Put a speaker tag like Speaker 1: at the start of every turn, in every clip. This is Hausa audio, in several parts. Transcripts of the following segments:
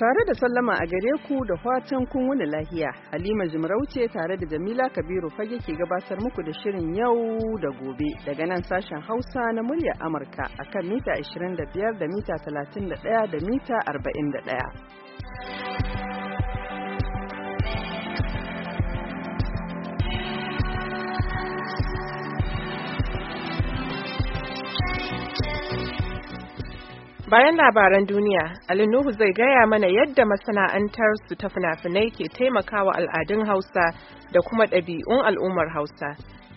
Speaker 1: Tare da sallama a gare ku da fatan kun wani lahiya, Halima Jimarauce tare da Jamila Kabiru fage ke gabatar muku da shirin yau da gobe daga nan sashen Hausa na muryar Amurka a kan mita 25 da mita 31 da mita 41.
Speaker 2: Bayan labaran duniya, Alinuhu zai gaya mana yadda masana'antar su ta fina-finai ke taimakawa al'adun Hausa da kuma ɗabi'un al'ummar Hausa.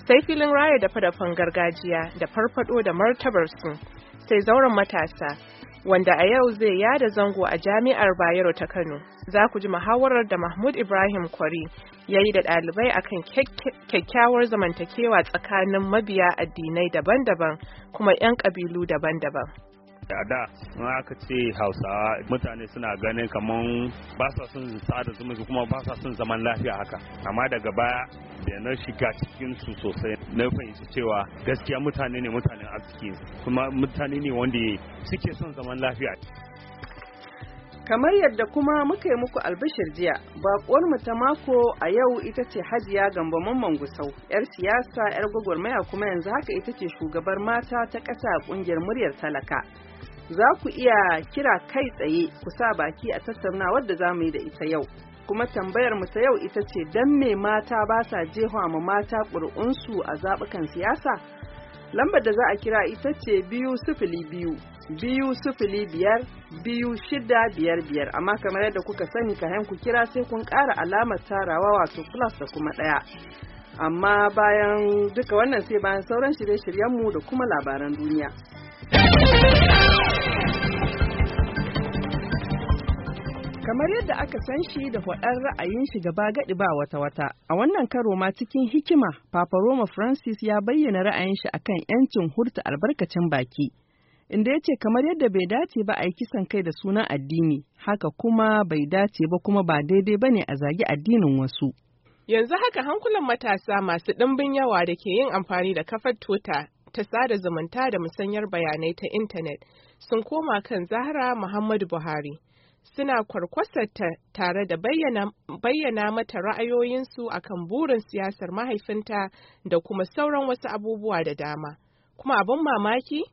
Speaker 2: Sai filin raya da fadafan gargajiya da farfado da martabar su, sai zauren matasa, wanda a yau zai yada zango a jami'ar Bayero ta Kano. Za ku ji muhawarar da Mahmud Ibrahim Kwari ya yi da ɗalibai akan kyakkyawar zamantakewa tsakanin mabiya addinai daban-daban kuma 'yan ƙabilu daban-daban.
Speaker 3: a da in aka ce hausawa mutane suna ganin kamar ba sa sun sada zumunci kuma ba sa sun zaman lafiya haka amma daga baya da na shiga cikin su sosai na fahimci cewa gaskiya mutane ne mutanen arziki kuma mutane ne wanda suke son zaman lafiya
Speaker 1: kamar yadda kuma muka yi muku albishir jiya bakuwar mu ta mako a yau ita ce hajiya gamba mamman gusau yar siyasa yar gwagwarmaya kuma yanzu haka ita ce shugabar mata ta ƙasa kungiyar muryar talaka za ku iya kira kai tsaye ku sa baki a tattauna wadda za mu yi da ita yau kuma tambayar mu ta yau ita ce don me mata ba sa jefa ma mata ƙuri'unsu a zaɓukan siyasa lambar da za a kira ita ce biyu sifili biyu biyu sifili biyar biyu shida biyar biyar amma kamar yadda kuka sani kayan ku kira sai kun ƙara alamar tarawa wato plus da kuma ɗaya amma bayan duka wannan sai bayan sauran shirye-shiryenmu da kuma labaran duniya. Kamar yadda aka san shi da faɗar ra'ayin shi gaba gaɗi ba wata-wata, a wannan karo ma cikin hikima, Papa Roma Francis ya bayyana ra'ayin shi akan 'yancin hurta albarkacin baki, inda ya ce kamar yadda bai dace ba a yi kisan kai da sunan addini, haka kuma bai dace ba kuma ba daidai ba ne a zagi addinin wasu.
Speaker 2: Yanzu haka hankulan matasa masu ɗimbin yawa da ke yin amfani da kafar tota ta sada zumunta da musanyar bayanai ta intanet sun koma kan Zahra Muhammadu Buhari. Suna kwarkwasarta tare da bayyana mata ra'ayoyinsu akan burin siyasar mahaifinta da kuma sauran wasu abubuwa da dama. Kuma abin mamaki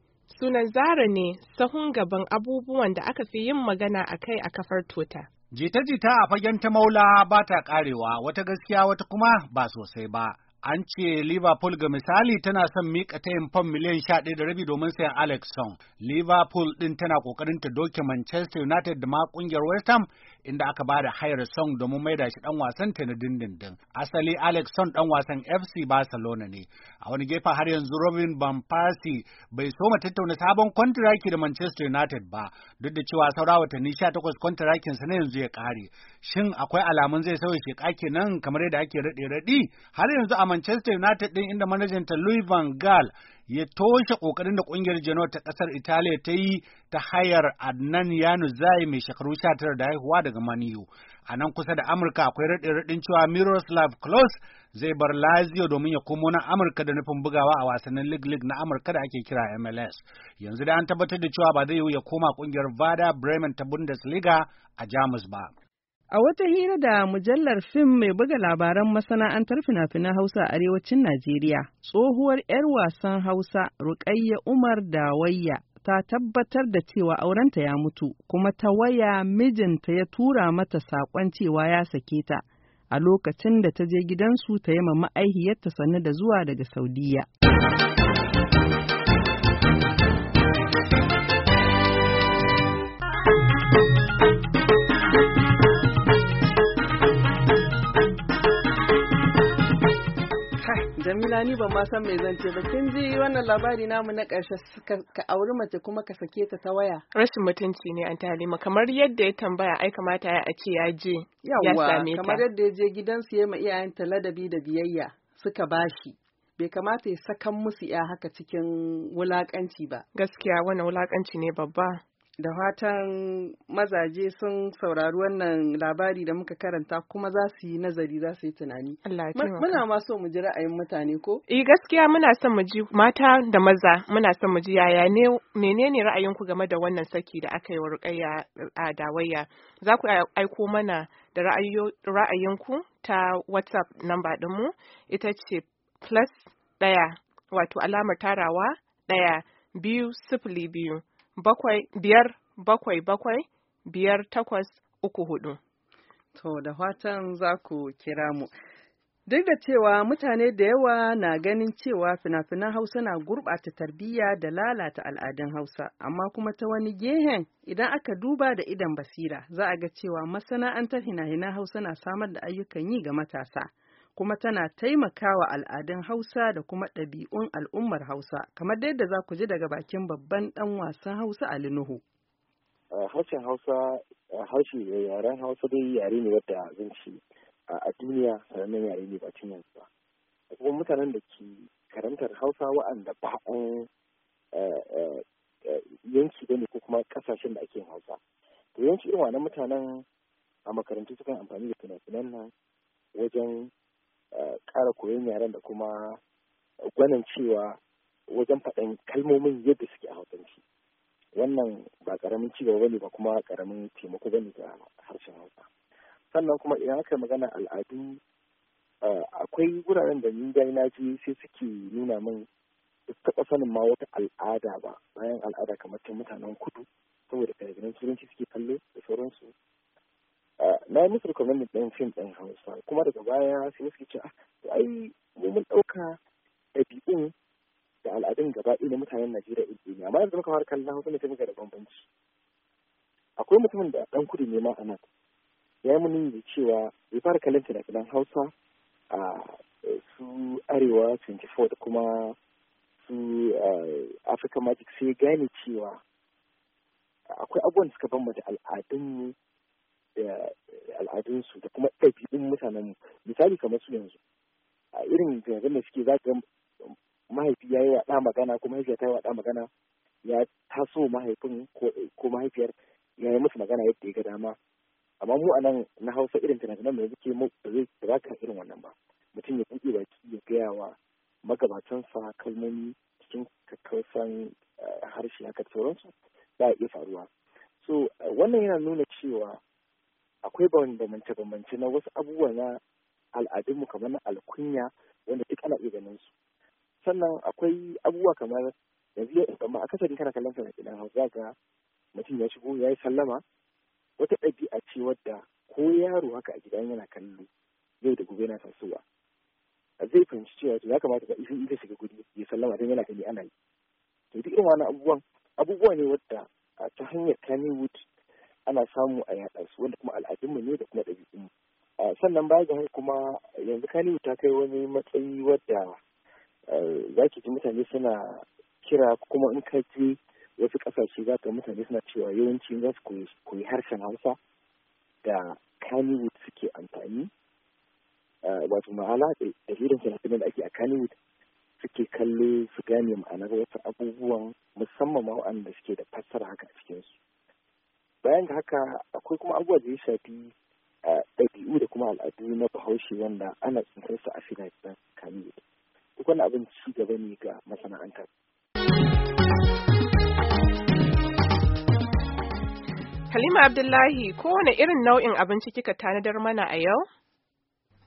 Speaker 2: sunan Zahra ne sahun gaban abubuwan da aka fi yin magana a kai a kafar tota.
Speaker 4: Jita-jita a fagen ta maula ba ta karewa wata gaskiya wata kuma ba sosai ba. an ce Liverpool ga misali tana son mika tayin fam miliyan sha ɗaya da rabi domin sayan Alex Song. Liverpool ɗin tana ƙoƙarin ta doke Manchester United da ma ƙungiyar West Ham inda aka ba da hayar Song domin maida shi dan wasan ta na dindindin. Asali Alex Song dan wasan FC Barcelona ne. A wani gefen har yanzu Robin Van Persie bai soma tattauna sabon kwantiraki da Manchester United ba, duk da cewa saura watanni 18 kwantirakin sa na yanzu ya kare. Shin akwai alamun zai sauya sheka nan kamar yadda ake rade rade Har yanzu a Manchester United din inda manajanta Louis van Gaal ya toshe ƙoƙarin da ƙungiyar Genoa ta kasar Italiya ta yi ta hayar Adnan Zai mai shekaru 19 da haihuwa daga Maniyu. A nan kusa da Amurka akwai raɗin-raɗin cewa Miroslav Klose zai bar Lazio domin ya komo na Amurka da nufin bugawa a wasannin League League na Amurka da ake kira MLS. Yanzu da an tabbatar da cewa ba zai ya koma kungiyar Vada Bremen ta Bundesliga a Jamus ba. A wata hira da mujallar fim
Speaker 1: mai buga labaran masana'antar fina-finan Hausa a arewacin Najeriya, tsohuwar 'yar wasan Hausa Rukayya Umar da Dawayya ta tabbatar da cewa aurenta ya mutu, kuma ta waya mijinta ya tura mata saƙon cewa ya sake ta a lokacin da ta je gidansu ta yi ma ma'aihiyarta sannu da zuwa daga Saudiyya. Jamila ni ban ma san me zance ba kin ji wannan labari namu na karshe ka auri mace kuma ka sake ta ta waya.
Speaker 2: Rashin mutunci ne an talima kamar yadda ya tambaya ai kamata ya a ce ya je ya same ta. kamar yadda
Speaker 1: ya je gidansu ya ma iyayenta ladabi da biyayya suka bashi. bai kamata ya sakan musu ya haka cikin wulakanci ba.
Speaker 2: Gaskiya wani wulakanci
Speaker 1: ne babba. da fatan mazaje sun saurari wannan labari da muka karanta kuma za su yi nazari
Speaker 2: za su yi tunani. Allah Muna
Speaker 1: ma so mu ji ra'ayin mutane ko?
Speaker 2: Eh gaskiya muna son mu ji mata da maza muna son mu ji yaya ne menene ra'ayinku game da wannan saki da aka yi wa Rukayya a Dawayya. Za ku aiko mana da ra'ayinku ta WhatsApp namba ɗinmu ita ce plus ɗaya wato alamar tarawa ɗaya biyu sifili biyu bakwai biyar bakwai bakwai biyar takwas uku hudu. To da fatan za ku
Speaker 1: kira mu. Duk da cewa mutane da yawa na ganin cewa fina-finan Hausa na gurɓata tarbiyya da lalata al'adun Hausa, amma kuma ta wani gehen idan aka duba da idan basira za a ga cewa masana'antar hina-hinan Hausa na samar da ayyukan yi ga matasa. kuma tana taimakawa al'adun Hausa da kuma ɗabi'un al'ummar Hausa, kamar yadda za ku ji daga bakin babban ɗan wasan Hausa Ali Nuhu.
Speaker 5: Harshen Hausa, harshe yaren Hausa dai yare ne wadda zan ce a duniya sanannen yare ne bakin yanzu ba. Kuma mutanen da ke karantar Hausa wa'anda ba an yanki ne ko kuma kasashen da ake Hausa. To yanki irin wannan mutanen a makarantu sukan amfani da fina-finan nan wajen ƙara koyon yaren da kuma gwanin cewa wajen faɗin kalmomin yadda suke a hausance wannan ba ƙaramin cigaba bane ba kuma karamin taimako bane ga harshen hausa sannan kuma idan aka magana al'adu akwai wuraren da ni dai na je sai suke nuna min taɓa sanin ma wata al'ada ba bayan al'ada kamar ta mutanen kudu saboda kalabinin turanci suke kallo da sauransu na yi musu recommended ɗin fim ɗin hausa kuma daga baya sai suke ce ah, to ai mu mun ɗauka ɗabi'un da al'adun gaba ɗaya mutanen najeriya ɗin ne amma yanzu muka fara kallon hausa ne sai muka da bambanci akwai mutumin da ɗan kudu ne ma a nan ya yi da cewa bai fara kallon fina-finan hausa a eh, su arewa 24 da kuma su eh, africa magic sai gane cewa akwai abubuwan da suka bambanta al'adunmu al'adunsu da kuma ɗabi'un mutanen misali kamar su yanzu a irin gangan da suke za mahaifi ya yi wa ɗa magana ko mahaifiya ta yi wa ɗa magana ya taso mahaifin ko mahaifiyar ya yi musu magana yadda ya ga dama amma mu a nan na hausa irin tunanin da suke mu ba zai ba ka irin wannan ba mutum ya buɗe baki ya gaya wa magabatansa kalmomi cikin kakkausan eh, harshe haka sauransu za a iya faruwa so wannan yana nuna cewa akwai bambance-bambance na wasu abubuwa na al'adunmu kamar na alkunya wanda duk ana iya ganin su sannan akwai abubuwa kamar yanzu ya ɗan akasarin kana kallon sa idan hausa ga mutum ya shigo ya yi sallama wata ɗabi'a ce wadda ko yaro haka a gidan yana kallo yau da gobe yana tasowa zai fahimci cewa ya kamata ka isa ita shiga guri ya sallama don yana gani ana yi to duk irin wani abubuwan abubuwa ne wadda ah, ta hanyar Kannywood ana samu a yaɗa su wanda kuma al'adunmu ne da kuma ɗabi'unmu sannan baya ga kuma yanzu kaliyu ta kai wani matsayi wadda za ki ji mutane suna kira kuma in ka je wasu ƙasashe za ka mutane suna cewa yawanci za su koyi harshen hausa da kaniwood suke amfani wato ma'ana da hirin sanatunan da ake a kaniwood suke kallo su gane ma'anar wasu abubuwan musamman ma waɗanda suke da fassara haka a cikinsu bayan da haka akwai kuma abubuwa da ya shafi ɗabi'u da kuma al'adu na bahaushe wanda ana tsintar su a fina-finan duk wani abin ci gaba ne ga masana'antar
Speaker 2: Halima Abdullahi kowane irin nau'in abinci kika tanadar mana a yau?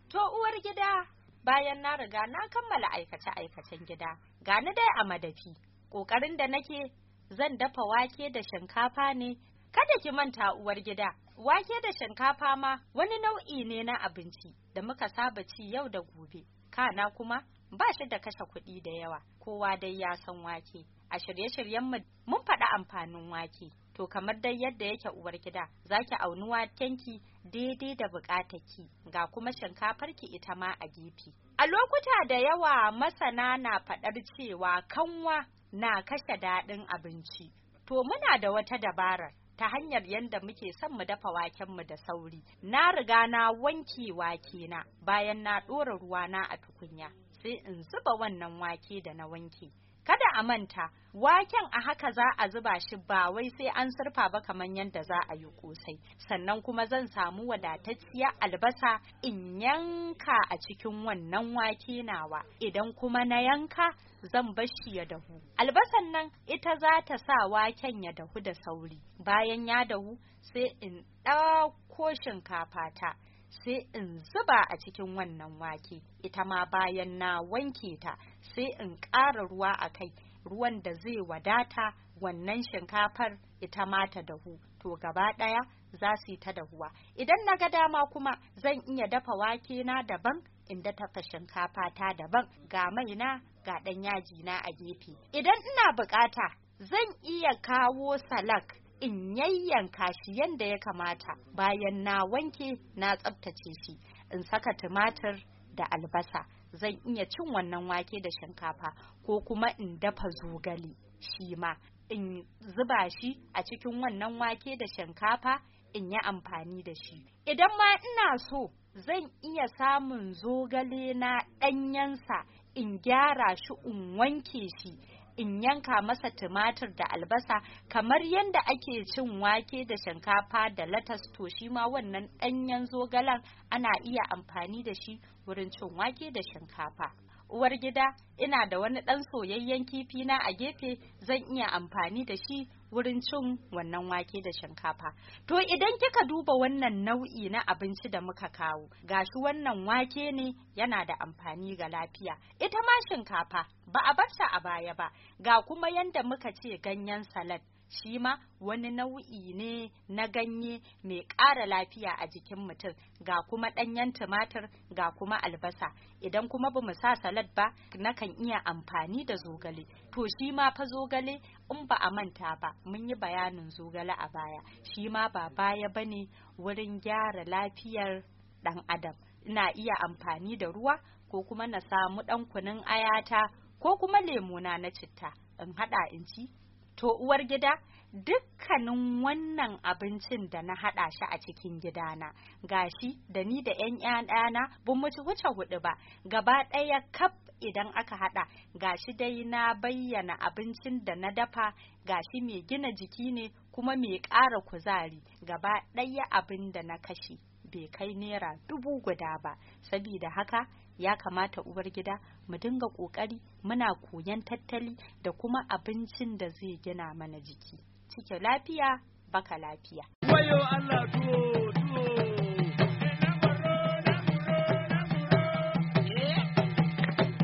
Speaker 6: To uwar gida bayan na riga na kammala aikace-aikacen gida gani dai a madafi ƙoƙarin da nake zan dafa wake da shinkafa ne Kada ki manta uwar gida, wake da shinkafa ma wani nau'i ne na abinci da muka saba ci yau da gobe. Kana kuma ba shi da kashe kuɗi da yawa, kowa dai ya san wake. A shirye shiryen mu mun faɗi amfanin wake. to kamar dai yadda yake uwar gida zaki auni wakenki daidai da ki ga kuma shinkafarki ita ma a gefe a lokuta da yawa masana na faɗar cewa kanwa na kashe daɗin abinci to muna da wata dabarar ta hanyar yadda muke son mu dafa waken mu da sauri na riga na wanke wake na bayan na ɗora ruwana a tukunya sai in zuba wannan wake da na wanke kada a manta waken a haka za a zuba shi ba wai sai an surfa ba kamar yadda za a yi kosai sannan kuma zan samu wadatacciya albasa in yanka a cikin wannan wake nawa idan kuma na yanka zan bashi ya dahu albasan nan ita za ta sa waken ya dahu da sauri bayan ya dahu sai in ɗauko shinkafa ta sai in zuba a cikin wannan wake ita ma bayan na wanke ta sai in ƙara ruwa a kai ruwan da zai wadata wannan shinkafar ita ma ta dahu to gaba ɗaya za su yi ta dahuwa idan na ga dama kuma zan iya dafa wake na daban in da tafa shinkafa ta daban ga mai na ga ɗan yaji na a gefe idan ina bukata zan iya kawo salak in yayyanka shi yadda ya kamata bayan na wanke na tsabtace shi in saka tumatir da albasa zan iya cin wannan wake da shinkafa ko kuma in dafa zogale shi ma in zuba shi a cikin wannan wake da shinkafa in yi amfani da shi idan ma ina so zan iya samun zogale na ɗanyensa in gyara shi in wanke shi in yanka masa tumatir da albasa kamar yadda ake cin wake da shinkafa da latas to shi ma wannan ɗanyen zogalan ana iya amfani da shi wurin cin wake da shinkafa uwar gida ina da wani ɗan soyayyen kifi na a gefe zan iya amfani da shi wurin cin wannan wake da shinkafa to idan kika duba wannan nau'i na abinci da muka kawo ga gashi wannan wake ne yana da amfani ga lafiya ita ma shinkafa ba a barta a baya ba ga kuma yanda muka ce ganyen salad shi ma wani nau'i ne na ganye mai ƙara lafiya a jikin mutum ga kuma ɗanyen tumatir ga kuma albasa idan kuma ba sa salad ba nakan iya amfani da zogale to shi ma fa zogale in ba a manta ba mun yi bayanin zogale a baya shi ma ba baya ba ne wurin gyara lafiyar ɗan adam ina iya amfani da ruwa ko kuma na samu ɗan kunun ayata ko kuma lemuna na citta in haɗa in ci To uwar gida dukkanin wannan abincin da na haɗa shi a cikin gidana gashi da ni da 'yan ɗana bin mutu wuce hudu ba gaba ɗaya kaf idan aka haɗa gashi dai na bayyana abincin da na dafa gashi mai gina jiki ne kuma mai ƙara kuzari gaba ɗaya abin da na kashe bai kai naira dubu guda ba sabida haka ya kamata uwar gida mu dinga kokari muna koyan tattali da kuma abincin da zai gina mana jiki cike lafiya baka lafiya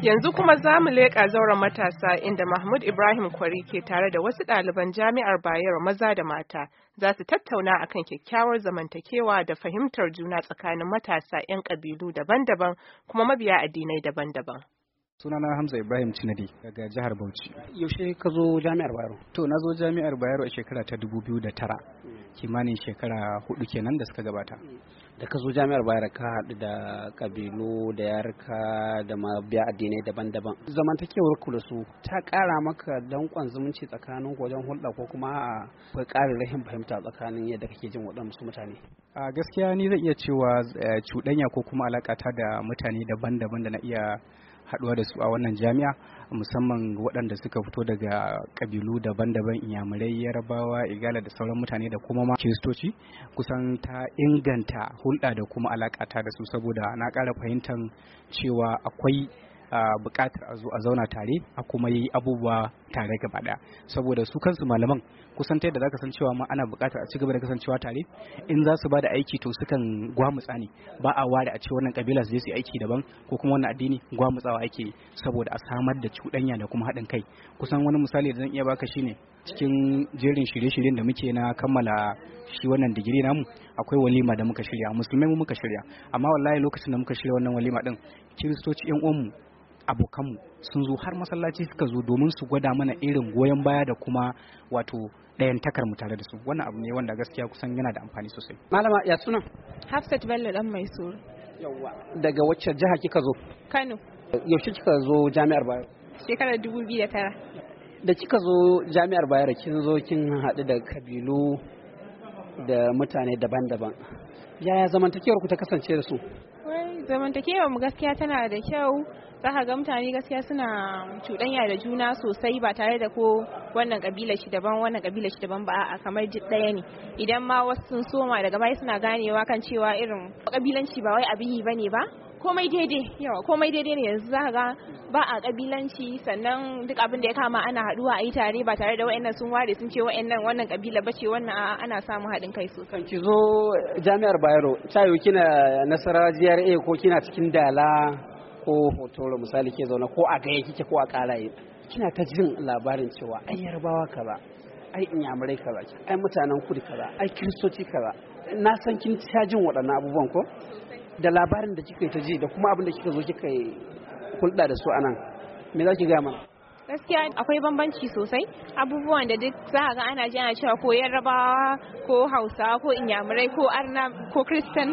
Speaker 2: Yanzu kuma za mu leƙa zauren matasa inda Mahmud Ibrahim Kwari ke tare da wasu ɗaliban jami'ar Bayero maza da mata za su tattauna a kan kyakkyawar zamantakewa da fahimtar juna tsakanin matasa 'yan ƙabilu daban-daban kuma mabiya addinai daban-daban.
Speaker 7: sunana hamza ibrahim cinadi daga jihar bauchi yaushe ka zo jami'ar bayero to na zo jami'ar bayero a shekara ta tara,
Speaker 8: kimanin shekara hudu kenan da suka gabata da ka zo jami'ar bayero ka haɗu da kabilu da yarka da mabiya addinai daban-daban zamantakewar ku da su ta ƙara maka danƙon zumunci tsakanin wajen hulɗa ko kuma a kai ƙarin rahin fahimta tsakanin yadda kake jin waɗansu mutane
Speaker 7: a gaskiya ni zan iya cewa eh, cuɗanya ko kuma alaƙata da mutane daban-daban da na iya haɗuwa da su a wannan jami'a musamman waɗanda suka fito daga ƙabilu daban-daban inyamurai yarabawa igala da sauran mutane da kuma ma kiristoci kusan ta inganta hulɗa da kuma alaƙata da su saboda na ƙara fahimtar cewa akwai buƙatar a zo a zauna tare a kuma yi abubuwa tare gaba ɗaya saboda su kansu malaman kusan ta yadda zaka san cewa ma ana buƙatar a ci gaba da kasancewa tare in za su ba da aiki to sukan gwamutsa ne ba a ware a ce wannan kabila su je su yi aiki daban ko kuma wannan addini gwamutsawa ake saboda a samar da cuɗanya da kuma haɗin kai kusan wani misali da zan iya baka shine cikin jerin shirye-shiryen da muke na kammala shi wannan digiri namu akwai walima da muka shirya musulmai mu muka shirya amma wallahi lokacin da muka shirya wannan walima din kiristoci yan uwanmu abokanmu sun zo har masallaci suka zo domin su gwada mana irin goyon baya da kuma wato ɗayan takarmu tare da su wannan abu ne wanda gaskiya
Speaker 8: kusan yana da amfani sosai malama ya suna hafsat bello dan mai suru yawa daga wacce jiha kika zo kano yaushe kika zo jami'ar bayero
Speaker 9: shekarar 2009
Speaker 8: da kika zo jami'ar bayero kin zo kin haɗu da kabilu da mutane daban-daban yaya zamantakewar ku ta kasance da su
Speaker 9: zamantakewa mu gaskiya tana da kyau za ka ga mutane gaskiya suna cuɗanya da juna sosai ba tare da ko wannan kabila shi daban wannan kabila shi daban ba a kamar ɗaya ne idan ma wasu sun soma daga baya suna ganewa kan cewa irin kabilanci ba wai abin yi bane ba komai daidai yawa komai daidai ne yanzu za ga ba a kabilanci sannan duk abin da ya kama ana haduwa a yi tare ba tare da wayannan sun ware sun ce wayannan wannan kabila bace wannan ana samun haɗin kai sosai kan ki
Speaker 8: zo jami'ar Bayero tayo kina nasara GRA ko kina cikin dala ko hotoro misali ke zauna ko a gaya kike ko a karaye kina ta jin labarin cewa ai yarbawa kaza ai inyamurai kaza ai mutanen kudu kaza ai kiristoci kaza na san kin ta jin waɗannan abubuwan ko da labarin da kika ta ji da kuma abin da kika zo kika hulɗa da su anan me za ki gaya mana
Speaker 10: gaskiya
Speaker 9: akwai bambanci sosai abubuwan da duk za ga ana ji ana cewa ko yarrabawa ko hausa ko inyamurai ko arna ko kristan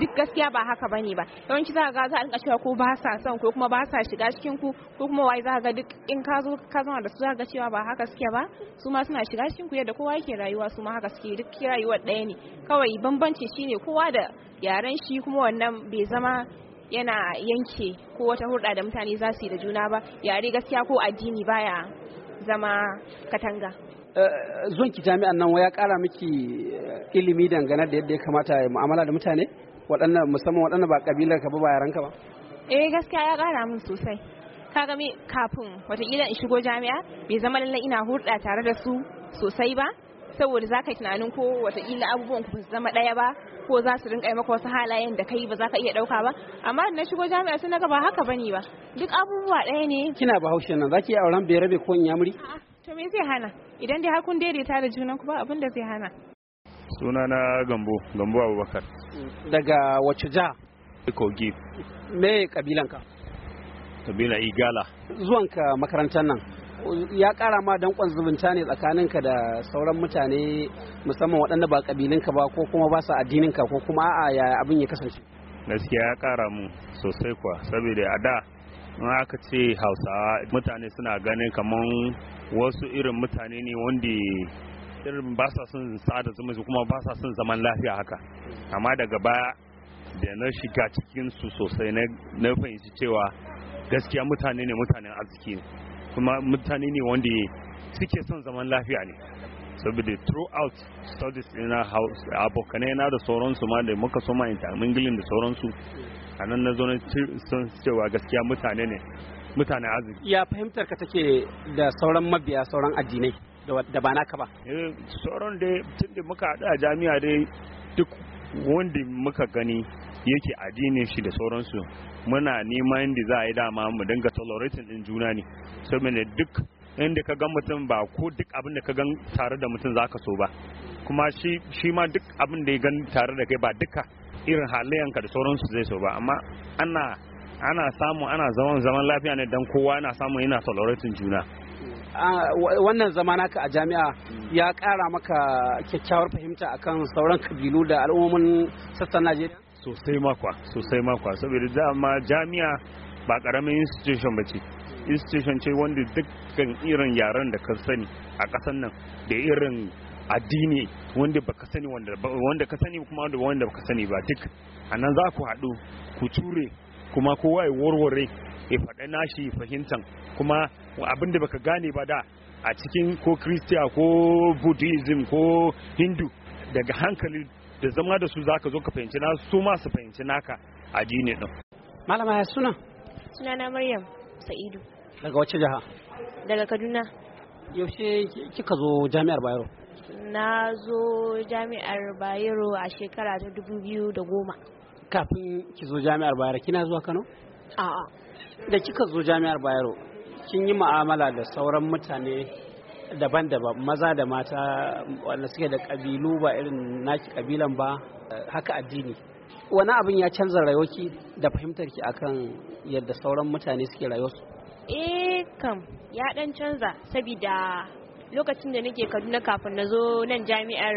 Speaker 9: duk gaskiya ba haka bane ba yawanci za ga za a rinka cewa ko ba sa son ko kuma ba sa shiga cikin ku ko kuma wai za ga duk in ka zo ka zama da su za ga cewa ba haka suke ba su ma suna shiga cikin ku yadda kowa yake rayuwa su ma haka suke duk rayuwar ɗaya ne kawai bambanci shine kowa da yaren shi kuma wannan bai zama yana yanke ko wata hulɗa da mutane za su yi da juna ba yare gaskiya ko addini baya zama katanga
Speaker 8: eh, zuwan ki jami'an nan ya kara miki eh, ilimi dangane da yadda ya kamata ya mu'amala da mutane waɗannan musamman waɗannan ba kabilar ka ba ba yaran ka ba
Speaker 9: eh gaskiya ya ƙara min sosai ka ga kafin wataƙila in shigo jami'a bai zama lallai ina hurɗa tare da su sosai ba saboda za ka yi tunanin ko wataƙila abubuwan ku zama ɗaya ba ko za su rinƙa maka wasu halayen da kai ba za ka iya ɗauka ba amma na shigo jami'a sun ga ba haka bane ba duk abubuwa ɗaya ne kina
Speaker 8: bahaushe nan za ki yi auren berabe ko in yamuri
Speaker 9: to me zai hana idan dai har kun daidaita da junan ku ba abin da zai hana
Speaker 3: suna na gambo gambo abubakar
Speaker 8: daga wacce ja kogi me kabilanka
Speaker 3: kabila igala
Speaker 8: zuwanka makarantar nan ya kara ma dankon zumunta ne tsakaninka da sauran mutane musamman waɗanda ba kabilinka ba ko kuma ba su addininka ko kuma a'a ya abin ya kasance
Speaker 3: gaskiya ya kara mu sosai kuwa saboda a da in aka ce hausawa mutane suna ganin kamar wasu irin mutane ne wanda irin ba sa son sa'ada zumunci kuma ba sa son zaman lafiya haka amma daga baya da na shiga cikin su sosai na fahimci cewa gaskiya mutane ne mutanen arziki kuma mutane ne wanda suke son zaman lafiya ne saboda throughout studies in our house abokane na da sauransu ma da muka soma gilin da sauransu a nan na zo na cewa gaskiya mutane ne mutane arziki
Speaker 8: ya fahimtar ka take da sauran mabiya sauran addinai da ba naka ba eh, sauran dai tun da muka haɗu a
Speaker 3: jami'a dai duk wanda muka gani yake addinin shi da sauransu muna neman inda za a yi dama mu dinga tolerating din juna ne saboda duk inda ka gan mutum ba ko duk abin da ka gan tare da mutum za ka so ba kuma shi ma duk abin da ya gan tare da kai ba duka irin halayenka da sauransu zai so ba amma ana ana samu ana zaman zaman lafiya ne dan kowa yana samu yana tolerating juna
Speaker 8: wannan zama naka a jami'a ya kara maka kyakkyawar fahimta akan sauran kabilu da al'ummomin sassan Najeriya? Sosai makwa, sosai makwa, saboda
Speaker 3: dama jami'a ba ƙaramin institution ba ce. Institution ce wanda dukkan irin yaren da ka sani a ƙasan nan da irin addini wanda ka sani wanda ka sani kuma wanda ka sani ba duk a nan za ku haɗu ku ture kuma kowa ya warware ya faɗa nashi fahimtan kuma abin da baka gane ba da a cikin ko kristiya ko buddhism ko hindu daga hankali da zama da su zaka zo ka fahimci na su ma su fahimci naka addini din
Speaker 8: malama ya suna
Speaker 11: sunana maryam sa'idu daga wacce jiha daga kaduna
Speaker 8: yaushe kika zo jami'ar bayero
Speaker 11: na zo jami'ar bayero a shekara ta dubu biyu da goma
Speaker 8: kafin ki zo jami'ar bayero kina zuwa kano
Speaker 10: a'a
Speaker 11: da kika
Speaker 8: zo jami'ar bayero kin yi ma'amala da sauran mutane daban-daban maza da mata wanda suke da kabilu ba irin naki kabilan ba haka addini wani abin ya canza rayuwarki da fahimtar ki akan yadda sauran mutane suke rayuwarsu
Speaker 11: eh kam ya dan canza saboda lokacin da nake kaduna kafin na zo nan jami'ar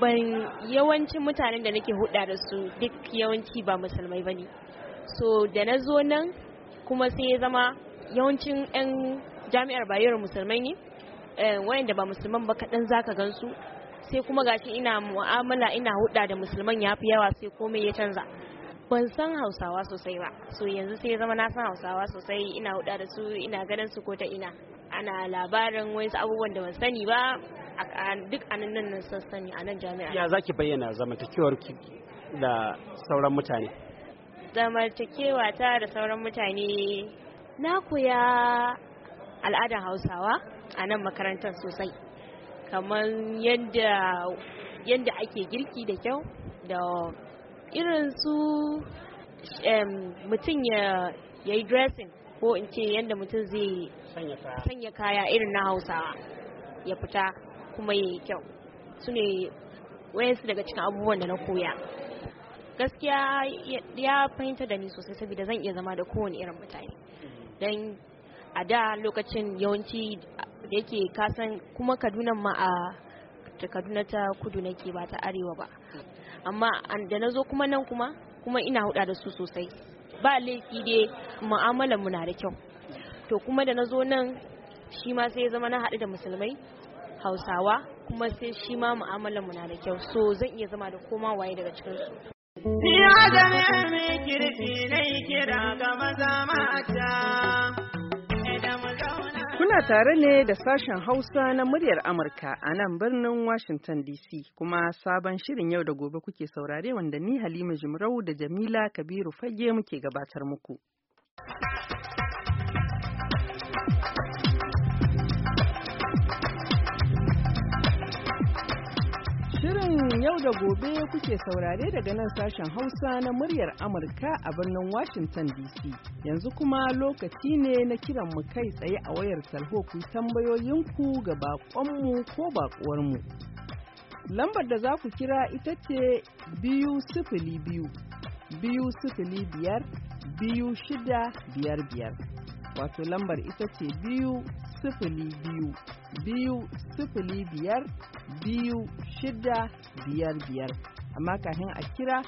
Speaker 11: ban yawancin mutanen da nake hudda da su duk yawanci ba musulmai ba ne so da na zo nan kuma sai ya zama yawancin 'yan jami'ar bayero musulmai ne eh, wayanda ba musulman ba kaɗan za ka gansu sai kuma gashi ina mu'amala ina hudda da musulman ya fi yawa sai komai ya canza ban san hausawa sosai ba so yanzu sai ya zama na san hausawa sosai ina hudda da su ina ganin su ko ta ina ana labarin wasu abubuwan da ban sani ba duk a nan nan sun sani a nan jami'a ya
Speaker 8: zaki bayyana zamantakewar ki da sauran mutane
Speaker 11: zamantakewa ta da sauran mutane na koya al'adar hausawa a nan makarantar sosai kamar yadda yadda ake girki da kyau da irin su mutum ya yi dressing ko in ce yadda mutum zai sanya kaya irin na hausawa ya fita kuma ya yi kyau su ne wayansu daga cikin abubuwan da na koya gaskiya ya fahimta da ni sosai saboda zan iya zama da kowane irin mutane don a da lokacin yawanci da yake kasan kuma kaduna ma a ta kaduna ta kudu nake ba ta arewa ba amma da na zo kuma nan kuma kuma ina huda da su sosai ba laifi dai mu'amalar mu na da kyau to kuma da na zo nan shi ma sai zama na haɗu da musulmai hausawa kuma sai shi ma mu'amalar mu na da kyau so zan iya zama da koma waye daga cikin su ya
Speaker 10: kirki kira ga maza mata
Speaker 11: Kuna
Speaker 1: tare ne da sashen Hausa na muryar Amurka a nan birnin Washington DC kuma sabon shirin yau da gobe kuke saurare wanda ni Halima jimrau da Jamila Kabiru Fage muke gabatar muku. Yau da gobe kuke saurare daga nan sashen Hausa na muryar Amurka a birnin Washington DC. Yanzu kuma lokaci ne na kiran mu kai tsaye a wayar talho ku tambayoyinku ga bakonmu ko bakuwarmu. Lambar da za ku kira ita ce biyu sifili biyu, biyu sifili biyar, biyu shida biyar biyar. Wato lambar ita ce biyu sifili biyu. biyu sifili biyar biyu shida biyar biyar amma kafin a kira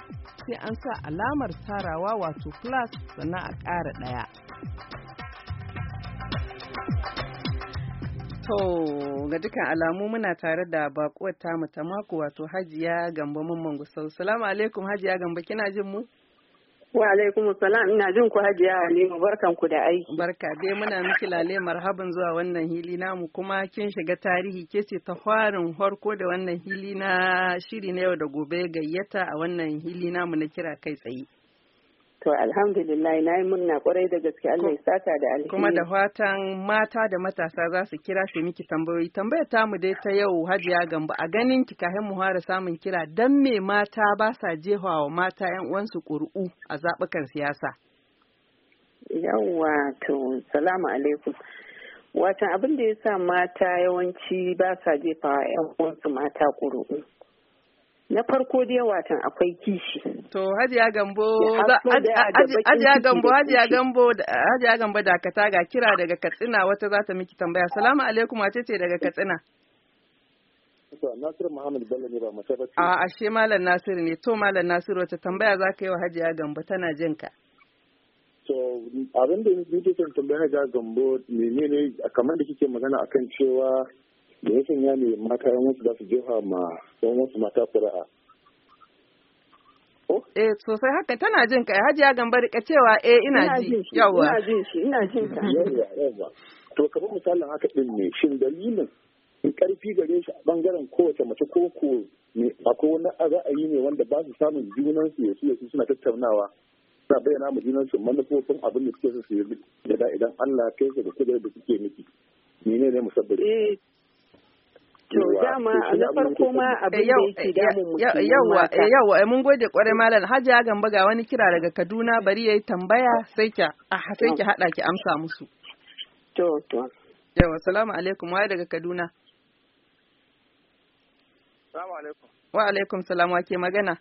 Speaker 1: sai an sa alamar tarawa wato plus sannan a ƙara ɗaya. To ga dukkan alamu muna tare da bakuwar tamu ta mako wato hajiya gamba mamman gusau. Salamu alaikum hajiya gamba kina jin mu? Wa alaikum salam ina jin ku Hajiya Halima barkan ku da aiki. Barka dai muna miki lale marhaban zuwa wannan hili namu kuma kin shiga tarihi ke ce ta farin harko da wannan hili na shiri na yau da gobe gayyata a wannan hili namu na kira kai tsaye.
Speaker 12: To alhamdulillah na yi murna kwarai da gaske Allah ya saka da alheri. Kuma da
Speaker 1: fatan mata da matasa za su kira su miki tambayoyi. Tambayar mu dai ta yau Hajiya Gambo a ganin ki kafin mu fara samun kira dan me mata ba sa jefa wa mata ƴan uwansu ƙuri'u a zaɓukan siyasa.
Speaker 12: Yawwa to salamu alaikum. Watan abin da ya sa mata yawanci ba sa jefa ƴan uwansu mata ƙuri'u. na farko dai watan akwai kishi
Speaker 1: to hajiya gambo hajiya gambo hajiya gambo hajiya gambo dakata ga kira daga katsina wata za ta miki tambaya salamu alaikum wace ce daga katsina
Speaker 5: Nasiru Muhammad Bello ne ba mace ba
Speaker 1: A ashe Malam Nasiru ne to Malam Nasiru wata tambaya za ka yi wa Hajiya Gambo tana jin ka.
Speaker 5: To abin da nake son tambaya Hajiya Gambo menene kamar da kike magana akan cewa da ya sanya ne mata yan wasu za su jefa ma yan wasu mata kuri'a.
Speaker 1: Oh? Eh sosai haka tana jin kai hajiya gambar ka cewa eh ina ji yawa ina
Speaker 5: jin shi ina jin ka to kamar misalin haka din ne shin dalilin in karfi gare shi a bangaren kowace mace ko ko akwai wani ra'ayi ne wanda ba su samun junan su yasu yasu suna tattaunawa suna bayyana mu junan su manufofin abin da suke su yi da idan Allah ya kai su da kudai da suke miki menene musabbabi eh, To dama na
Speaker 9: Yawwa
Speaker 1: yawwa eh, eh, eh, mun gode kwarai malam Hajiya Gamba ga wani kira daga Kaduna bari yayi tambaya sai ki ah, sai ki hada ki amsa musu. To to. Yawwa assalamu alaikum waye daga Kaduna. Assalamu alaikum. Wa alaikum salam wa ke magana.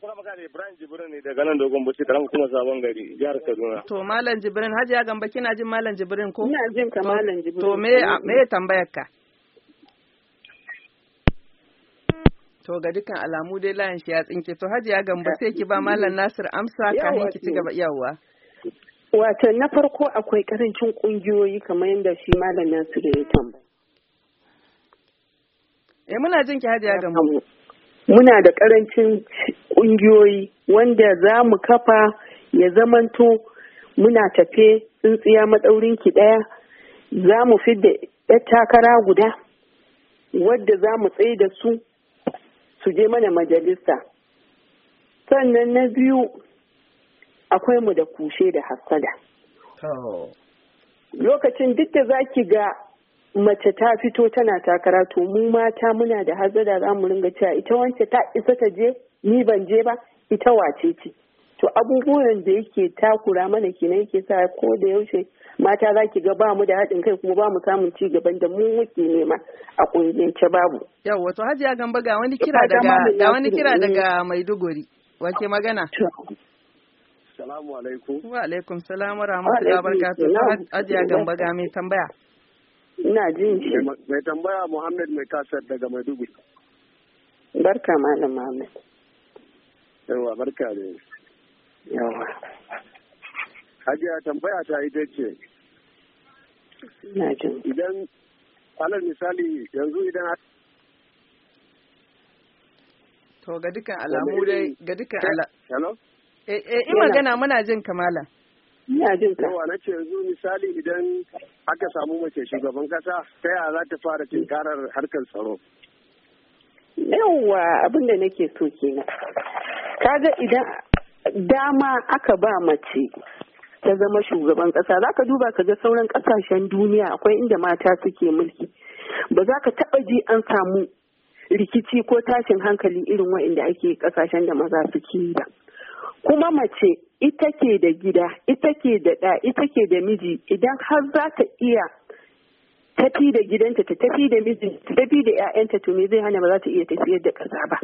Speaker 3: Kuna magana da Ibrahim Jibrin ne daga nan dogon buci karan kuma sabon gari jihar Kaduna.
Speaker 1: To Malam Jibrin Hajiya Gamba kina jin Malam Jibrin ko? Ina jin ka Malam Jibrin. To me me tambayar ka? To ga dukkan alamu dai layin shi ya tsinke to hajiya gamba sai ki ba malam Nasir amsa kafin ki ci gaba yawa.
Speaker 12: Wato na farko akwai karancin kungiyoyi kamar yadda shi malam Nasir ya tambaya.
Speaker 1: Eh muna jin ki hajiya gamba.
Speaker 12: Muna da karancin kungiyoyi wanda za mu kafa ya zamanto muna tafe tsintsiya matsaurin ki ɗaya za mu fidda ɗan takara guda wadda za mu tsaye da su su je mana majalisa sannan na biyu akwai mu da kushe da hassada lokacin duk da za ki ga mace ta fito tana takara to mu mata muna da hazada za mu ringa cewa ita wance ta isa ta je ni ban je ba ita wace ce to abubuwan da yake takura mana kenan yake sa ko da yaushe mata za ki ga bamu da haɗin kai kuma bamu samun ci gaban da mu muke nema a ƙungiyance babu
Speaker 1: yawa to hajiya gamba ga wani kira daga ga wani kira daga Maiduguri wace magana Salamu alaikum. Wa alaikum salam wa rahmatullahi wa barakatuh. Hajiya gamba ga mai tambaya. Ina ji shi. Mai tambaya Muhammad mai kasar daga Maiduguri.
Speaker 12: Barka Malam Muhammad. Yawa barka da yawa
Speaker 5: hajiya tambaya ta ita ce idan alal misali yanzu idan
Speaker 1: to ga dukan alamu dai ga dukan alamu
Speaker 5: eh eh in magana
Speaker 1: muna jin kamala ina jin ka yawa
Speaker 5: nace yanzu misali idan aka samu mace shugaban kasa ta yaya za ta fara tinkarar harkar tsaro
Speaker 12: yawa abin da nake so kenan kaga idan dama aka ba mace ta zama shugaban ƙasa za ka duba ka ga sauran kasashen duniya akwai inda mata suke mulki ba za ka taba ji an samu rikici ko tashin hankali irin wa'inda ake kasashen da maza suke yi ba kuma mace ita ke da gida ita ke da ɗa ita ke da miji idan har za ta iya tafi da gidanta ta tafi da mijin tafi da 'ya'yanta to me zai hana ba za ta iya tafiyar da ƙasa ba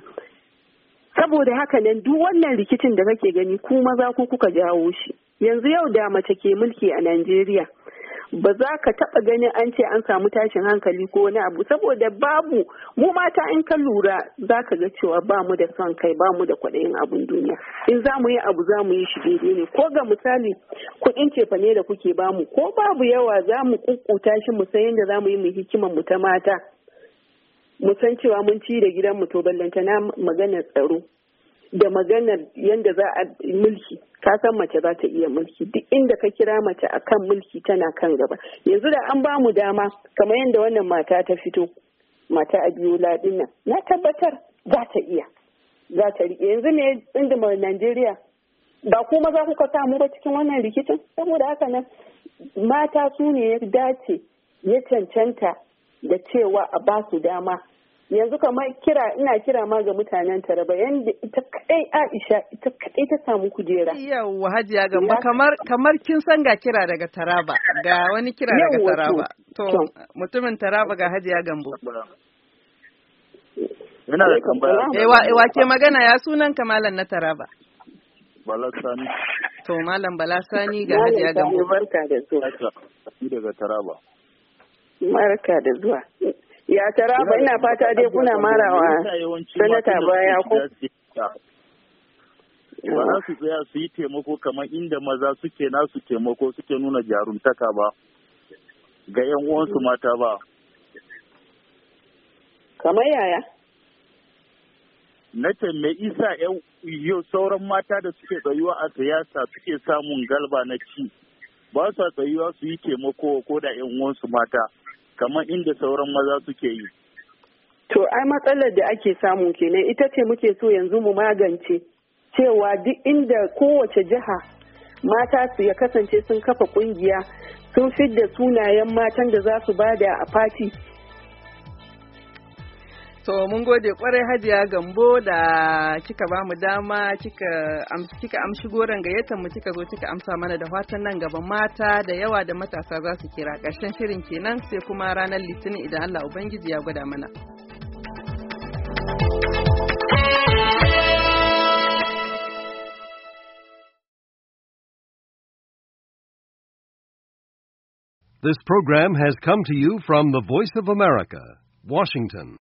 Speaker 12: saboda haka nan duk wannan rikicin da kake gani ku maza ku kuka jawo shi yanzu yau da mace ke mulki a Najeriya ba za ka taɓa ganin an ce an samu tashin hankali ko wani abu saboda babu mu mata in ka lura za ka ga cewa ba mu da son kai ba mu da kwaɗayin abun duniya in za mu yi abu za mu yi shi daidai ne ko ga misali kuɗin cefane ne da kuke bamu ko babu yawa za mu kukkuta shi mu san yadda za mu yi mu hikimar mu ta mata mu san cewa mun ci da gidan mu to na maganar tsaro da maganar yadda za a mulki ka san mace za ta iya mulki duk inda ka kira mace a kan mulki tana kan gaba yanzu da an bamu dama kamar yadda wannan mata ta fito mata a biyu ladin nan na tabbatar za ta iya za ta riƙe yanzu ne tsindimar najeriya ba kuma za kuka samu ba cikin wannan rikicin saboda haka nan mata su ne ya dace ya cancanta da cewa a ba su dama yanzu kamar kira ina kira ma ga mutanen taraba yanda ita kadai aisha ita kadai ta samu kujera
Speaker 10: yawwa
Speaker 1: hajiya gamba kamar kamar kin san ga kira daga taraba ga wani kira daga taraba to mutumin taraba ga hajiya gambo
Speaker 10: ina da tambaya ewa eh, ewa eh, ke magana
Speaker 1: ya sunan kamalan na taraba balasani to malam balasani ga hajiya gambo barka da zuwa daga taraba
Speaker 12: Marka da zuwa. Ya ba ina fata dai kuna marawa
Speaker 5: sanata baya ko. Ba za su tsaya su yi taimako kamar inda maza suke nasu taimako suke nuna jaruntaka ba ga 'yan uwansu mata ba. Kamar yaya? na me isa yau sauran mata da suke tsayuwa a siyasa suke samun galba na ci ba su tsayuwa su yi taimako ko da yan uwansu mata kamar inda sauran maza suke yi.
Speaker 12: To ai matsalar da ake samu kenan ita ce muke so yanzu mu magance cewa duk inda kowace jiha mata su ya kasance sun kafa kungiya sun fidda sunayen matan da za su bada a fati
Speaker 1: To mun gode kwarai Hajiya Gambo da kika ba mu dama kika kika amshi goron gayyatar mu kika zo kika amsa mana da fatan nan gaba mata da yawa da matasa za su kira ƙarshen shirin kenan sai kuma ranar Litinin idan Allah Ubangiji ya gwada mana.
Speaker 10: This program has come to you from the Voice of America, Washington.